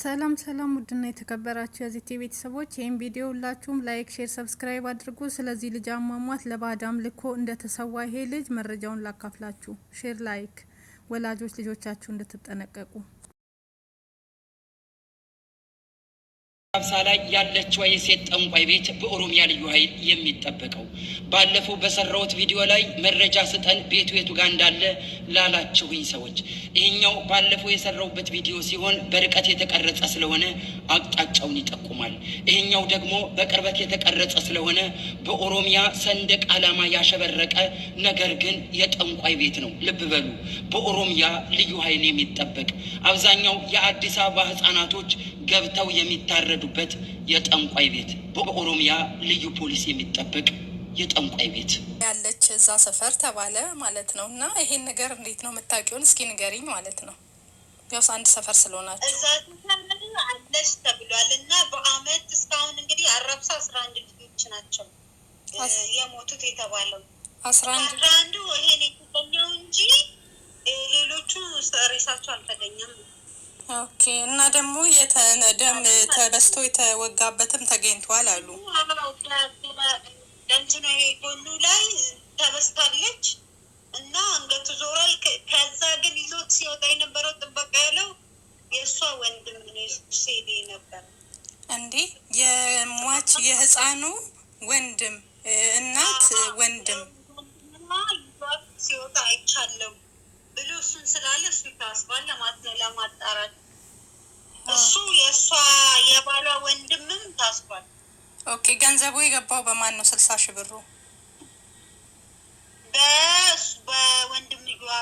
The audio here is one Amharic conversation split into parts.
ሰላም ሰላም ውድና የተከበራችሁ የዚህ ቲቪ ቤተሰቦች ይህን ቪዲዮ ሁላችሁም ላይክ፣ ሼር፣ ሰብስክራይብ አድርጉ። ስለዚህ ልጅ አሟሟት ለባዕድ አምልኮ እንደተሰዋ ይሄ ልጅ መረጃውን ላካፍላችሁ። ሼር፣ ላይክ ወላጆች ልጆቻችሁ እንድትጠነቀቁ አብሳ ላይ ያለችው የሴት ጠንቋይ ቤት በኦሮሚያ ልዩ ኃይል የሚጠበቀው። ባለፈው በሰራሁት ቪዲዮ ላይ መረጃ ስጠን ቤቱ የቱ ጋር እንዳለ ላላችሁኝ ሰዎች ይህኛው ባለፈው የሰራሁበት ቪዲዮ ሲሆን በርቀት የተቀረጸ ስለሆነ አቅጣጫውን ይጠቁማል። ይህኛው ደግሞ በቅርበት የተቀረጸ ስለሆነ በኦሮሚያ ሰንደቅ ዓላማ ያሸበረቀ ነገር ግን የጠንቋይ ቤት ነው። ልብ በሉ፣ በኦሮሚያ ልዩ ኃይል የሚጠበቅ አብዛኛው የአዲስ አበባ ህጻናቶች ገብተው የሚታረዱበት የጠንቋይ ቤት በኦሮሚያ ልዩ ፖሊስ የሚጠበቅ የጠንቋይ ቤት ያለች እዛ ሰፈር ተባለ ማለት ነው። እና ይሄን ነገር እንዴት ነው የምታውቂውን እስኪ ንገሪኝ ማለት ነው። ያው አንድ ሰፈር ስለሆናቸው እዛ አለች ተብሏል። እና በአመት እስካሁን እንግዲህ አረብሳ አስራ አንድ ልጆች ናቸው የሞቱት የተባለው አስራ አንዱ ይሄን የተገኘው እንጂ ሌሎቹ ሬሳቸው አልተገኘም። ኦኬ። እና ደግሞ የተነደም ተበስቶ የተወጋበትም ተገኝቷል አሉ። ጎኑ ላይ ተበስታለች እና አንገቱ ዞሯል። ከዛ ግን ይዞት ሲወጣ የነበረው ጥበቃ ያለው የእሷ ወንድም ነው ሴዴ ነበር። እንዴ የሟች የህፃኑ ወንድም እናት ወንድም ሲወጣ አይቻለው ብሎ እሱን ስላለ እሱ ይታስባል ለማት ነው ለማጣራት። እሱ የእሷ የባሏ ወንድምም ታስቧል። ኦኬ ገንዘቡ የገባው በማን ነው? ስልሳ ሺህ ብሩ በወንድም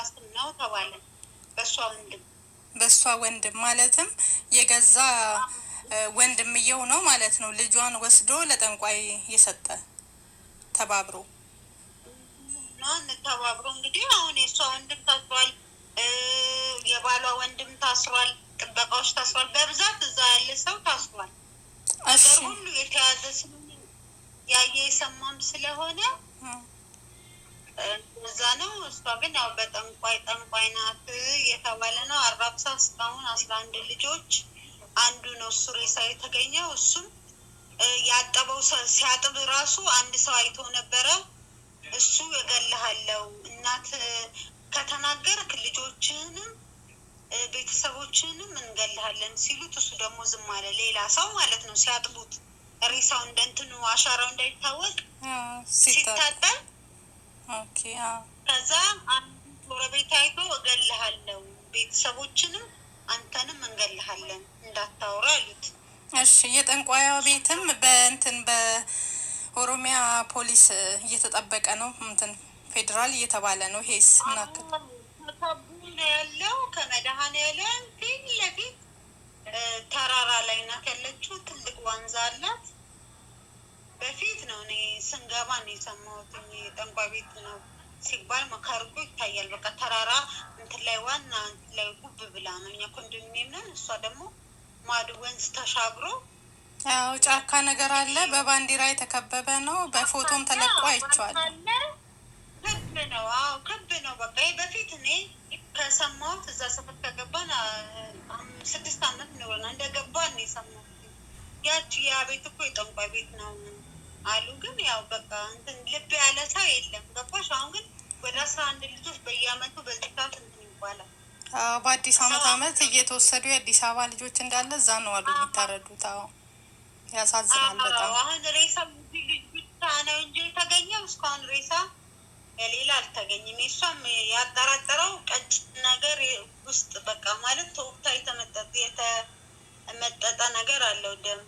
ስም ነው ተባለ። በእሷ ወንድም በእሷ ወንድም ማለትም የገዛ ወንድምየው ነው ማለት ነው። ልጇን ወስዶ ለጠንቋይ የሰጠ ተባብሮ ተባብሮ ታስሯል፣ ጥበቃዎች ታስሯል። በብዛት እዛ ያለ ሰው ታስሯል። ነገር ሁሉ የተያዘ ያየ የሰማም ስለሆነ እዛ ነው። እሷ ግን ያው በጠንቋይ ጠንቋይ ናት የተባለ ነው። አራብሳ እስካሁን አስራ አንድ ልጆች አንዱ ነው እሱ ሬሳ የተገኘው። እሱም ያጠበው ሲያጥብ ራሱ አንድ ሰው አይቶ ነበረ። እሱ እገልሃለሁ እናት ከተናገርክ ልጆችን ቤተሰቦችንም እንገልሃለን ሲሉት እሱ ደግሞ ዝም አለ። ሌላ ሰው ማለት ነው ሲያጥቡት ሬሳው እንደንትኑ አሻራው እንዳይታወቅ ሲታጠብ፣ ከዛ ጎረቤት አይቶ እገልሃለው ቤተሰቦችንም አንተንም እንገልሃለን እንዳታወራ አሉት። እሺ የጠንቋያ ቤትም በእንትን በኦሮሚያ ፖሊስ እየተጠበቀ ነው እንትን ፌዴራል እየተባለ ነው ሄስ ምናክል ነው ያለው። ከመድኃኔዓለም ፊት ለፊት ተራራ ላይ ናት ያለችው። ትልቅ ወንዝ አላት። በፊት ነው እኔ ስንገባ ነው የሰማሁት። ጠንቋ ቤት ነው ሲባል መካርጎ ይታያል። በቃ ተራራ እንትን ላይ ዋና እንትን ላይ ጉብ ብላ ነው። እኛ ኮንዶሚኒየም ነን፣ እሷ ደግሞ ማድ ወንዝ ተሻግሮ ያው ጫካ ነገር አለ። በባንዲራ የተከበበ ነው። በፎቶም ተለቆ አይቼዋለሁ። ክብ ነው። አዎ ክብ ነው። በቃ በፊት እኔ ከሰማሁት እዛ ሰፈር ከገባን ስድስት አመት ኖረና እንደገባን የሰማሁት ያች ያ ቤት እኮ የጠንቋይ ቤት ነው አሉ። ግን ያው በቃ እንትን ልብ ያለ ሰው የለም ገባሽ። አሁን ግን ወደ አስራ አንድ ልጆች በየአመቱ በዚህ ሰዓት እንትን ይባላል። በአዲስ አመት አመት እየተወሰዱ የአዲስ አበባ ልጆች እንዳለ እዛ ነው አሉ የሚታረዱት። አዎ ያሳዝናል በጣም። አሁን ሬሳ ልጅ ብቻ ነው እንጂ የተገኘው እስካሁን ሬሳ ከሌላ አልተገኝም እሷም ያጠራጠረው ቀጭን ነገር ውስጥ በቃ ማለት ተወቅታ የተመጠጠ ነገር አለው። ደም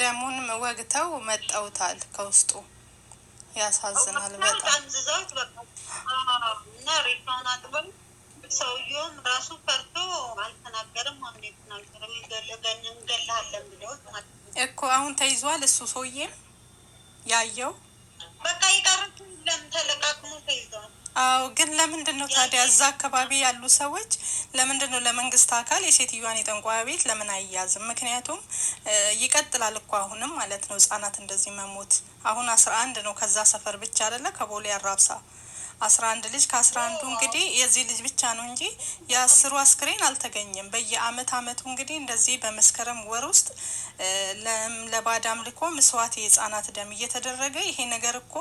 ደሙን ወግተው መጠውታል ከውስጡ። ያሳዝናል በጣም ዝዛት እና ሬሳውን አጥበው ሰውየውም ራሱ ፈርቶ አልተናገርም። እንዴት ናገርም እንገላለን ብለውት ማለት እኮ አሁን ተይዟል እሱ ሰውዬም ያየው በቃ ለም ተለቃቅሞ አዎ ግን ለምንድን ነው ታዲያ እዛ አካባቢ ያሉ ሰዎች ለምንድን ነው ለመንግስት አካል የሴትዮዋን የጠንቋይ ቤት ለምን አይያዝም? ምክንያቱም ይቀጥላል እኮ አሁንም ማለት ነው ህጻናት እንደዚህ መሞት። አሁን አስራ አንድ ነው ከዛ ሰፈር ብቻ አደለ ከቦሌ አራብሳ አስራ አንድ ልጅ ከአስራ አንዱ እንግዲህ የዚህ ልጅ ብቻ ነው እንጂ የአስሩ አስክሬን አልተገኘም። በየአመት አመቱ እንግዲህ እንደዚህ በመስከረም ወር ውስጥ ለባዕድ አምልኮ ምስዋት የህጻናት ደም እየተደረገ ይሄ ነገር እኮ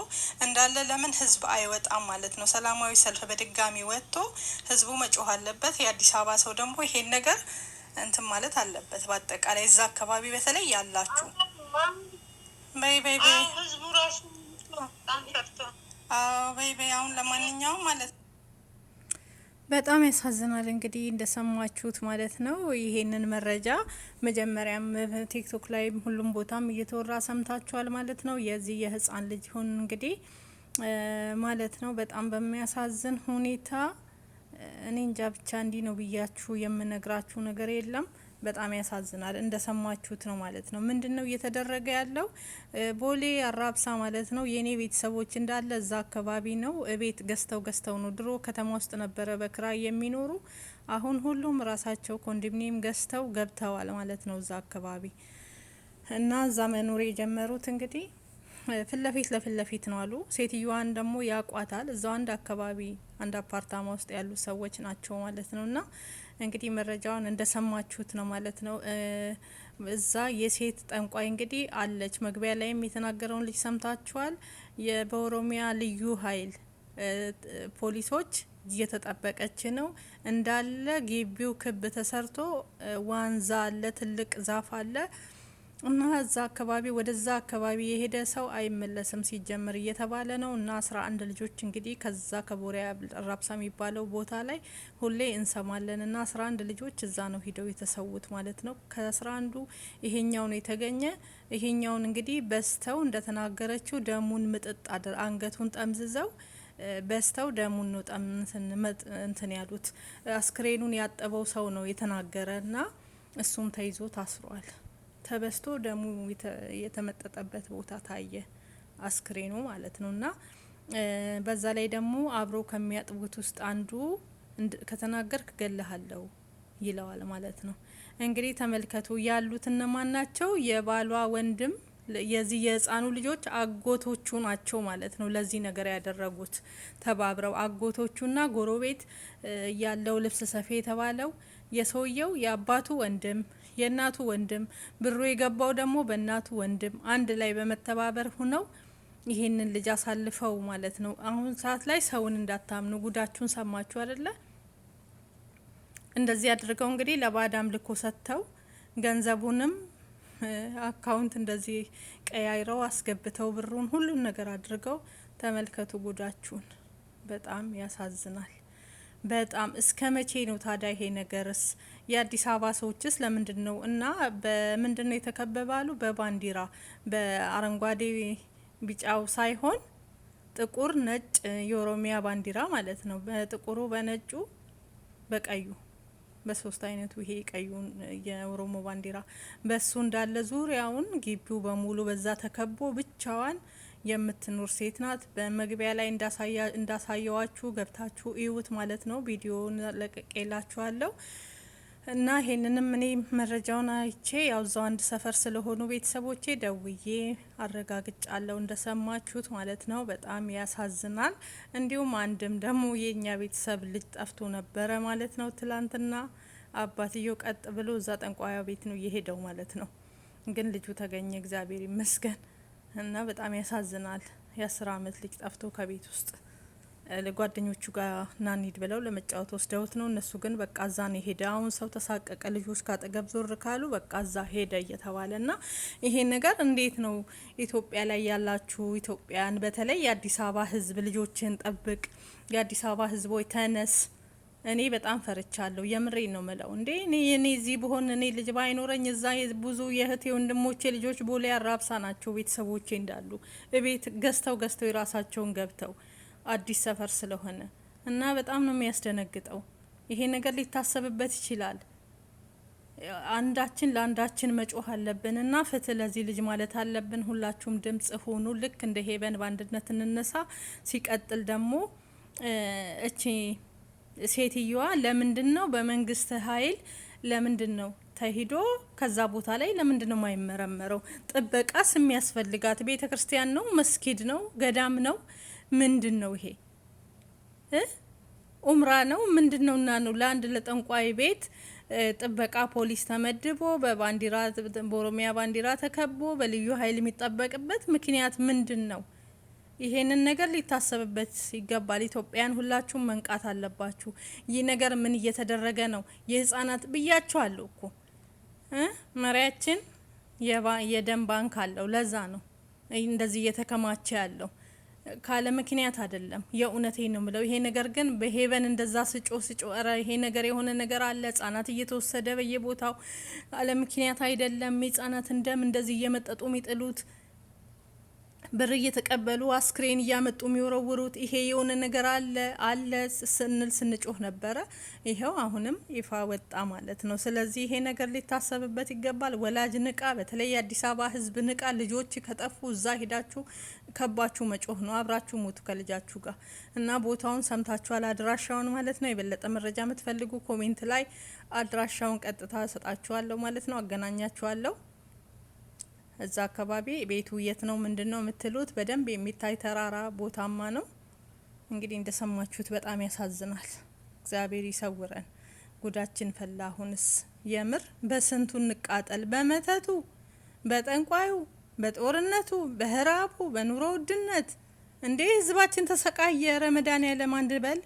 እንዳለ ለምን ህዝብ አይወጣም ማለት ነው? ሰላማዊ ሰልፍ በድጋሚ ወጥቶ ህዝቡ መጮህ አለበት። የአዲስ አበባ ሰው ደግሞ ይሄን ነገር እንትን ማለት አለበት። በአጠቃላይ እዛ አካባቢ በተለይ ያላችሁ በይ በይ በይ በይ አሁን ለማንኛውም ማለት ነው። በጣም ያሳዝናል። እንግዲህ እንደሰማችሁት ማለት ነው። ይሄንን መረጃ መጀመሪያም ቲክቶክ ላይ ሁሉም ቦታም እየተወራ ሰምታችኋል ማለት ነው። የዚህ የህፃን ልጅ ሁን እንግዲህ ማለት ነው። በጣም በሚያሳዝን ሁኔታ እኔ እንጃ ብቻ እንዲህ ነው ብያችሁ የምነግራችሁ ነገር የለም። በጣም ያሳዝናል። እንደሰማችሁት ነው ማለት ነው። ምንድን ነው እየተደረገ ያለው? ቦሌ አራብሳ ማለት ነው የኔ ቤተሰቦች እንዳለ እዛ አካባቢ ነው ቤት ገዝተው ገዝተው ነው። ድሮ ከተማ ውስጥ ነበረ በክራይ የሚኖሩ አሁን ሁሉም ራሳቸው ኮንዶሚኒየም ገዝተው ገብተዋል ማለት ነው እዛ አካባቢ እና እዛ መኖር የጀመሩት እንግዲህ ፊት ለፊት ለፊት ለፊት ነው አሉ። ሴትዮዋን ደግሞ ያቋታል እዛው አንድ አካባቢ አንድ አፓርታማ ውስጥ ያሉ ሰዎች ናቸው ማለት ነው። እና እንግዲህ መረጃውን እንደሰማችሁት ነው ማለት ነው። እዛ የሴት ጠንቋይ እንግዲህ አለች። መግቢያ ላይም የተናገረውን ልጅ ሰምታችኋል። በኦሮሚያ ልዩ ኃይል ፖሊሶች እየተጠበቀች ነው እንዳለ ግቢው ክብ ተሰርቶ ዋንዛ አለ፣ ትልቅ ዛፍ አለ እና እዛ አካባቢ ወደዛ አካባቢ የሄደ ሰው አይመለስም ሲጀምር እየተባለ ነው። እና አስራ አንድ ልጆች እንግዲህ ከዛ ከቦሪያ ራብሳ የሚባለው ቦታ ላይ ሁሌ እንሰማለን። እና አስራ አንድ ልጆች እዛ ነው ሂደው የተሰዉት ማለት ነው። ከአስራ አንዱ ይሄኛው ነው የተገኘ። ይሄኛውን እንግዲህ በስተው እንደተናገረችው ደሙን ምጥጥ አድር አንገቱን ጠምዝዘው በስተው ደሙን ነው እንትን ያሉት። አስክሬኑን ያጠበው ሰው ነው የተናገረ እና እሱም ተይዞ ታስሯል። ተበስቶ ደሙ የተመጠጠበት ቦታ ታየ፣ አስክሬኑ ማለት ነው። እና በዛ ላይ ደግሞ አብሮ ከሚያጥቡት ውስጥ አንዱ ከተናገርክ ገለሃለሁ ይለዋል ማለት ነው። እንግዲህ ተመልከቱ ያሉት እነማን ናቸው? የባሏ ወንድም የዚህ የህፃኑ ልጆች አጎቶቹ ናቸው ማለት ነው። ለዚህ ነገር ያደረጉት ተባብረው አጎቶቹና ጎረቤት ያለው ልብስ ሰፊ የተባለው የሰውየው የአባቱ ወንድም የእናቱ ወንድም ብሩ የገባው ደግሞ በእናቱ ወንድም አንድ ላይ በመተባበር ሁነው ይሄንን ልጅ አሳልፈው ማለት ነው። አሁን ሰዓት ላይ ሰውን እንዳታምኑ። ጉዳችሁን ሰማችሁ አደለ? እንደዚህ አድርገው እንግዲህ ለባዳ አምልኮ ሰጥተው ገንዘቡንም አካውንት እንደዚህ ቀያይረው አስገብተው ብሩን ሁሉን ነገር አድርገው ተመልከቱ ጉዳችሁን። በጣም ያሳዝናል። በጣም እስከ መቼ ነው ታዲያ ይሄ ነገርስ? የአዲስ አበባ ሰዎችስ ለምንድን ነው እና በምንድን ነው የተከበባሉ? በባንዲራ በአረንጓዴ ቢጫው ሳይሆን ጥቁር ነጭ የኦሮሚያ ባንዲራ ማለት ነው። በጥቁሩ፣ በነጩ፣ በቀዩ በሶስት አይነቱ ይሄ ቀዩ የኦሮሞ ባንዲራ በሱ እንዳለ ዙሪያውን ግቢው በሙሉ በዛ ተከቦ ብቻዋን የምትኖር ሴት ናት። በመግቢያ ላይ እንዳሳየዋችሁ ገብታችሁ እዩት ማለት ነው። ቪዲዮውን ለቀቄላችኋለሁ እና ይሄንንም እኔ መረጃውን አይቼ ያው እዛው አንድ ሰፈር ስለሆኑ ቤተሰቦቼ ደውዬ አረጋግጫለሁ እንደሰማችሁት ማለት ነው። በጣም ያሳዝናል። እንዲሁም አንድም ደግሞ የእኛ ቤተሰብ ልጅ ጠፍቶ ነበረ ማለት ነው። ትላንትና አባትየው ቀጥ ብሎ እዛ ጠንቋያ ቤት ነው የሄደው ማለት ነው። ግን ልጁ ተገኘ፣ እግዚአብሔር ይመስገን። እና በጣም ያሳዝናል። የአስር አመት ልጅ ጠፍቶ ከቤት ውስጥ ለጓደኞቹ ጋር ናኒድ ብለው ለመጫወት ወስደውት ነው። እነሱ ግን በቃ እዛ ነው ሄደ። አሁን ሰው ተሳቀቀ። ልጆች ካጠገብ ዞር ካሉ በቃ እዛ ሄደ እየተባለ ና ይሄ ነገር እንዴት ነው? ኢትዮጵያ ላይ ያላችሁ ኢትዮጵያን፣ በተለይ የአዲስ አበባ ህዝብ ልጆችን ጠብቅ፣ የአዲስ አበባ ህዝቦች ተነስ እኔ በጣም ፈርቻለሁ። የምሬ ነው ምለው እንዴ እኔ እኔ እዚህ ብሆን እኔ ልጅ ባይኖረኝ እዛ ብዙ የእህቴ ወንድሞቼ ልጆች ቦሌ አራብሳ ናቸው ቤተሰቦቼ እንዳሉ እቤት ገዝተው ገዝተው የራሳቸውን ገብተው አዲስ ሰፈር ስለሆነ እና በጣም ነው የሚያስደነግጠው። ይሄ ነገር ሊታሰብበት ይችላል። አንዳችን ለአንዳችን መጮህ አለብን እና ፍትህ ለዚህ ልጅ ማለት አለብን። ሁላችሁም ድምጽ ሆኑ። ልክ እንደ ሄበን በአንድነት እንነሳ። ሲቀጥል ደግሞ እቺ ሴትየዋ ለምንድን ነው በመንግስት ኃይል ለምንድን ነው ተሂዶ ከዛ ቦታ ላይ ለምንድን ነው የማይመረመረው? ጥበቃስ የሚያስፈልጋት ቤተ ክርስቲያን ነው? መስጊድ ነው? ገዳም ነው? ምንድን ነው ይሄ? ኡምራ ነው ምንድን ነው? እና ነው ለአንድ ለጠንቋይ ቤት ጥበቃ ፖሊስ ተመድቦ በባንዲራ በኦሮሚያ ባንዲራ ተከቦ በልዩ ኃይል የሚጠበቅበት ምክንያት ምንድን ነው? ይሄንን ነገር ሊታሰብበት ይገባል። ኢትዮጵያን ሁላችሁም መንቃት አለባችሁ። ይህ ነገር ምን እየተደረገ ነው? የህጻናት ብያችኋለሁ እኮ መሪያችን የደም ባንክ አለው። ለዛ ነው እንደዚህ እየተከማቸ ያለው ካለ ምክንያት አይደለም። የእውነቴ ነው ምለው። ይሄ ነገር ግን በሄቨን እንደዛ ስጮ ስጮ ረ ይሄ ነገር የሆነ ነገር አለ፣ ህጻናት እየተወሰደ በየቦታው ካለ ምክንያት አይደለም። ህጻናት እንደም እንደዚህ እየመጠጡ የሚጥሉት ብር እየተቀበሉ አስክሬን እያመጡ የሚወረውሩት ይሄ የሆነ ነገር አለ አለ ስንል ስንጮህ ነበረ። ይኸው አሁንም ይፋ ወጣ ማለት ነው። ስለዚህ ይሄ ነገር ሊታሰብበት ይገባል። ወላጅ ንቃ፣ በተለይ የአዲስ አበባ ህዝብ ንቃ። ልጆች ከጠፉ እዛ ሂዳችሁ ከባችሁ መጮህ ነው። አብራችሁ ሞቱ ከልጃችሁ ጋር እና ቦታውን ሰምታችኋል፣ አድራሻውን ማለት ነው። የበለጠ መረጃ የምትፈልጉ ኮሜንት ላይ አድራሻውን ቀጥታ ሰጣችኋለሁ ማለት ነው። አገናኛችኋለሁ። እዛ አካባቢ ቤቱ የት ነው ምንድን ነው የምትሉት፣ በደንብ የሚታይ ተራራ ቦታማ ነው። እንግዲህ እንደሰማችሁት በጣም ያሳዝናል። እግዚአብሔር ይሰውረን። ጉዳችን ፈላ። አሁንስ የምር በስንቱ እንቃጠል፣ በመተቱ፣ በጠንቋዩ፣ በጦርነቱ፣ በህራቡ፣ በኑሮ ውድነት እንዴ ህዝባችን ተሰቃየ። ረመዳን ያለም አንድ በል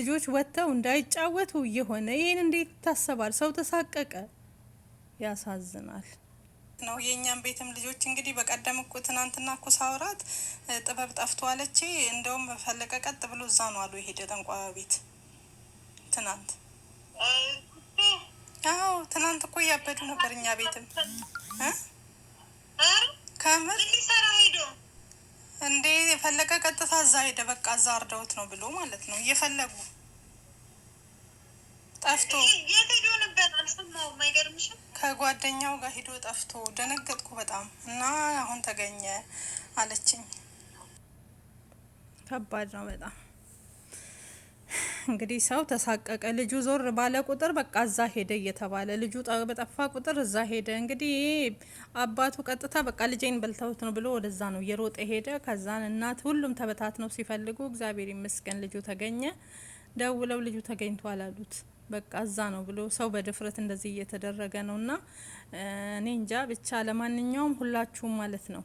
ልጆች ወጥተው እንዳይጫወቱ እየሆነ ይህን እንዴት ይታሰባል? ሰው ተሳቀቀ። ያሳዝናል። ነው የእኛም ቤትም ልጆች እንግዲህ በቀደም እኮ ትናንትና እኮ ሳውራት ጥበብ ጠፍቶ አለች። እንደውም በፈለቀ ቀጥ ብሎ እዛ ነው አሉ የሄደ ጠንቋይ ቤት ትናንት። አዎ ትናንት እኮ እያበዱ ነበር። እኛ ቤትም ከምር እንዴ የፈለቀ ቀጥታ እዛ ሄደ። በቃ እዛ አርደውት ነው ብሎ ማለት ነው እየፈለጉ ጠፍቶ የት ሄዶ ነበር አልሰማሁም። አይገርምሽም? ከጓደኛው ጋር ሂዶ ጠፍቶ ደነገጥኩ በጣም እና አሁን ተገኘ አለችኝ። ከባድ ነው በጣም እንግዲህ ሰው ተሳቀቀ። ልጁ ዞር ባለ ቁጥር በቃ እዛ ሄደ እየተባለ ልጁ በጠፋ ቁጥር እዛ ሄደ። እንግዲህ አባቱ ቀጥታ በቃ ልጄን በልተውት ነው ብሎ ወደዛ ነው እየሮጠ ሄደ። ከዛን እናት ሁሉም ተበታት ነው ሲፈልጉ፣ እግዚአብሔር ይመስገን ልጁ ተገኘ። ደውለው ልጁ ተገኝቷል አሉት። በቃ እዛ ነው ብሎ ሰው በድፍረት እንደዚህ እየተደረገ ነው። እና እኔ እንጃ ብቻ ለማንኛውም ሁላችሁም ማለት ነው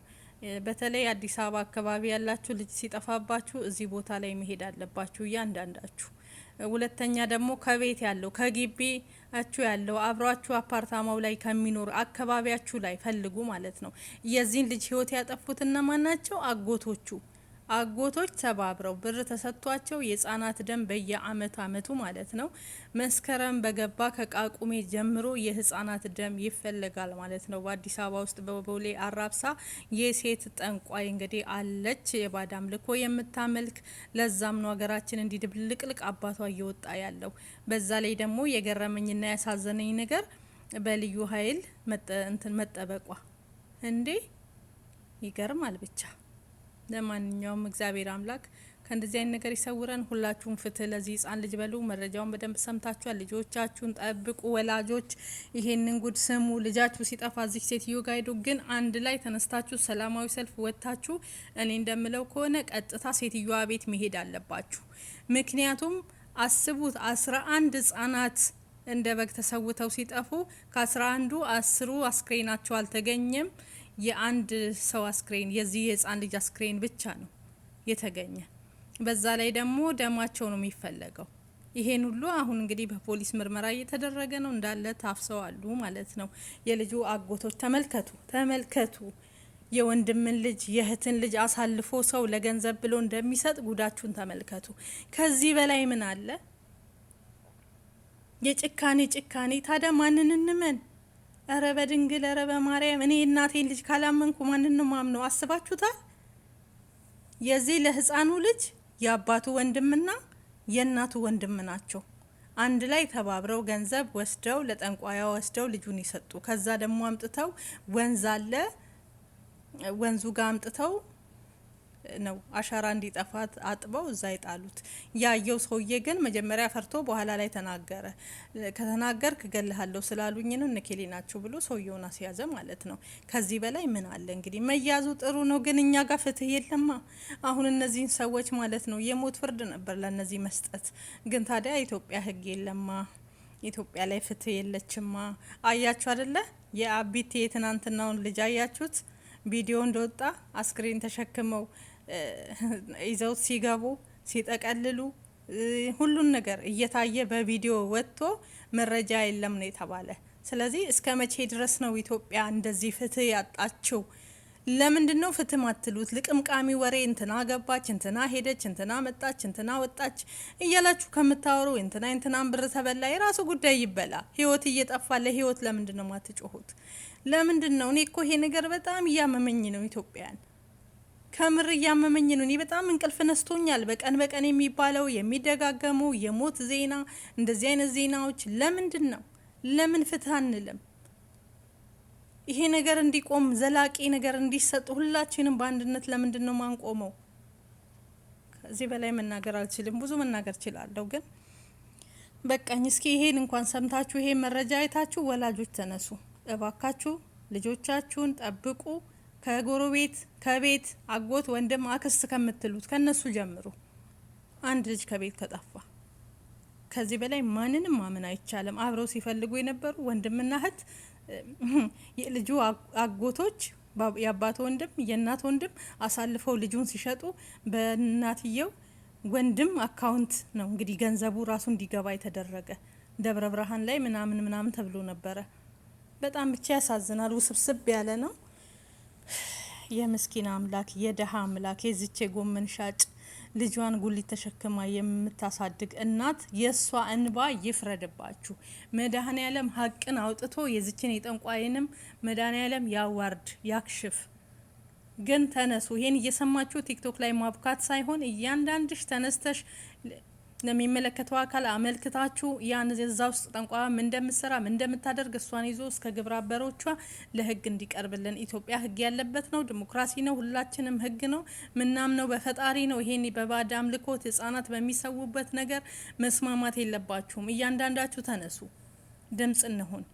በተለይ አዲስ አበባ አካባቢ ያላችሁ ልጅ ሲጠፋባችሁ እዚህ ቦታ ላይ መሄድ አለባችሁ እያንዳንዳችሁ። ሁለተኛ ደግሞ ከቤት ያለው አችሁ ያለው አብሯችሁ አፓርታማው ላይ ከሚኖር አካባቢያችሁ ላይ ፈልጉ ማለት ነው። የዚህን ልጅ ህይወት ያጠፉት እነማን ናቸው? አጎቶቹ አጎቶች ተባብረው ብር ተሰጥቷቸው የህጻናት ደም በየአመት አመቱ ማለት ነው መስከረም በገባ ከቃቁሜ ጀምሮ የህጻናት ደም ይፈለጋል ማለት ነው። በአዲስ አበባ ውስጥ በቦሌ አራብሳ የሴት ጠንቋይ እንግዲህ አለች፣ የባዕድ አምልኮ የምታመልክ ለዛም ነው ሀገራችን እንዲህ ድብልቅልቅ አባቷ እየወጣ ያለው። በዛ ላይ ደግሞ የገረመኝና ያሳዘነኝ ነገር በልዩ ኃይል መጠበቋ እንዴ ይገርማል ብቻ ለማንኛውም እግዚአብሔር አምላክ ከእንደዚህ አይነት ነገር ይሰውረን። ሁላችሁም ፍትህ ለዚህ ህጻን ልጅ በሉ። መረጃውን በደንብ ሰምታችኋል። ልጆቻችሁን ጠብቁ። ወላጆች ይሄንን ጉድ ስሙ። ልጃችሁ ሲጠፋ እዚህ ሴትዮ ጋ ግን አንድ ላይ ተነስታችሁ ሰላማዊ ሰልፍ ወጥታችሁ እኔ እንደምለው ከሆነ ቀጥታ ሴትዮዋ ቤት መሄድ አለባችሁ። ምክንያቱም አስቡት አስራ አንድ ህጻናት እንደ በግ ተሰውተው ሲጠፉ ከአስራ አንዱ አስሩ አስክሬናቸው አልተገኘም። የአንድ ሰው አስክሬን የዚህ የህፃን ልጅ አስክሬን ብቻ ነው የተገኘ። በዛ ላይ ደግሞ ደማቸው ነው የሚፈለገው። ይሄን ሁሉ አሁን እንግዲህ በፖሊስ ምርመራ እየተደረገ ነው። እንዳለ ታፍሰው አሉ ማለት ነው። የልጁ አጎቶች ተመልከቱ፣ ተመልከቱ የወንድምን ልጅ የእህትን ልጅ አሳልፎ ሰው ለገንዘብ ብሎ እንደሚሰጥ ጉዳችሁን ተመልከቱ። ከዚህ በላይ ምን አለ? የጭካኔ ጭካኔ! ታዲያ ማንን እንመን? እረ በድንግል እረ በማርያም እኔ እናቴን ልጅ ካላመንኩ ማንንም አምነው አስባችሁታል? የዚህ ለህፃኑ ልጅ የአባቱ ወንድምና የእናቱ ወንድም ናቸው። አንድ ላይ ተባብረው ገንዘብ ወስደው ለጠንቋያ ወስደው ልጁን ይሰጡ። ከዛ ደግሞ አምጥተው ወንዝ አለ ወንዙ ጋር አምጥተው ነው አሻራ እንዲጠፋት አጥበው እዛ ይጣሉት። ያየው ሰውዬ ግን መጀመሪያ ፈርቶ በኋላ ላይ ተናገረ። ከተናገርክ እገልሃለሁ ስላሉኝ ነው እነኬሌ ናችሁ ብሎ ሰውየውን አስያዘ ማለት ነው። ከዚህ በላይ ምን አለ እንግዲህ። መያዙ ጥሩ ነው፣ ግን እኛ ጋር ፍትህ የለማ። አሁን እነዚህን ሰዎች ማለት ነው የሞት ፍርድ ነበር ለእነዚህ መስጠት። ግን ታዲያ ኢትዮጵያ ህግ የለማ ኢትዮጵያ ላይ ፍትህ የለችማ። አያችሁ አደለ? የአቢቴ የትናንትናውን ልጅ አያችሁት? ቪዲዮ እንደወጣ አስክሬን ተሸክመው ይዘው ሲገቡ ሲጠቀልሉ ሁሉን ነገር እየታየ በቪዲዮ ወጥቶ መረጃ የለም ነው የተባለ። ስለዚህ እስከ መቼ ድረስ ነው ኢትዮጵያ እንደዚህ ፍትህ ያጣችው? ለምንድን ነው ፍትህ ማትሉት? ልቅምቃሚ ወሬ እንትና ገባች፣ እንትና ሄደች፣ እንትና መጣች፣ እንትና ወጣች እያላችሁ ከምታወሩ እንትና እንትናን ብር ተበላ፣ የራሱ ጉዳይ ይበላ። ህይወት እየጠፋ ለህይወት ለምንድን ነው ማትጮሁት? ለምንድን ነው? እኔ እኮ ይሄ ነገር በጣም እያመመኝ ነው ኢትዮጵያን ከምር እያመመኝ ነው። እኔ በጣም እንቅልፍ ነስቶኛል። በቀን በቀን የሚባለው የሚደጋገሙ የሞት ዜና፣ እንደዚህ አይነት ዜናዎች ለምንድን ነው? ለምን ፍትህ አንልም? ይሄ ነገር እንዲቆም ዘላቂ ነገር እንዲሰጥ ሁላችንም በአንድነት ለምንድን ነው ማንቆመው? ከዚህ በላይ መናገር አልችልም። ብዙ መናገር እችላለሁ ግን በቃኝ። እስኪ ይሄን እንኳን ሰምታችሁ ይሄን መረጃ አይታችሁ ወላጆች ተነሱ እባካችሁ ልጆቻችሁን ጠብቁ። ከጎረቤት ከቤት አጎት፣ ወንድም፣ አክስት ከምትሉት ከነሱ ጀምሩ። አንድ ልጅ ከቤት ከጠፋ ከዚህ በላይ ማንንም ማመን አይቻልም። አብረው ሲፈልጉ የነበሩ ወንድምና እህት፣ የልጁ አጎቶች፣ የአባት ወንድም፣ የእናት ወንድም አሳልፈው ልጁን ሲሸጡ በእናትየው ወንድም አካውንት ነው እንግዲህ ገንዘቡ ራሱ እንዲገባ የተደረገ ደብረ ብርሃን ላይ ምናምን ምናምን ተብሎ ነበረ። በጣም ብቻ ያሳዝናል። ውስብስብ ያለ ነው። የምስኪን አምላክ የደሃ አምላክ የዚቼ ጎመን ሻጭ ልጇን ጉሊት ተሸክማ የምታሳድግ እናት የእሷ እንባ ይፍረድባችሁ። መድኃኔ ዓለም ሀቅን አውጥቶ የዚችን የጠንቋይንም መድኃኔ ዓለም ያዋርድ ያክሽፍ። ግን ተነሱ። ይሄን እየሰማችሁ ቲክቶክ ላይ ማብካት ሳይሆን እያንዳንድሽ ተነስተሽ ለሚመለከተው አካል አመልክታችሁ ያን እዛ ውስጥ ጠንቋ ምን እንደምትሰራ ምን እንደምታደርግ እሷን ይዞ እስከ ግብረ አበሮቿ ለህግ እንዲቀርብልን። ኢትዮጵያ ህግ ያለበት ነው፣ ዲሞክራሲ ነው፣ ሁላችንም ህግ ነው ምናምነው በፈጣሪ ነው። ይሄን በባዕድ አምልኮት ህጻናት በሚሰዉበት ነገር መስማማት የለባችሁም። እያንዳንዳችሁ ተነሱ፣ ድምጽ እንሁን።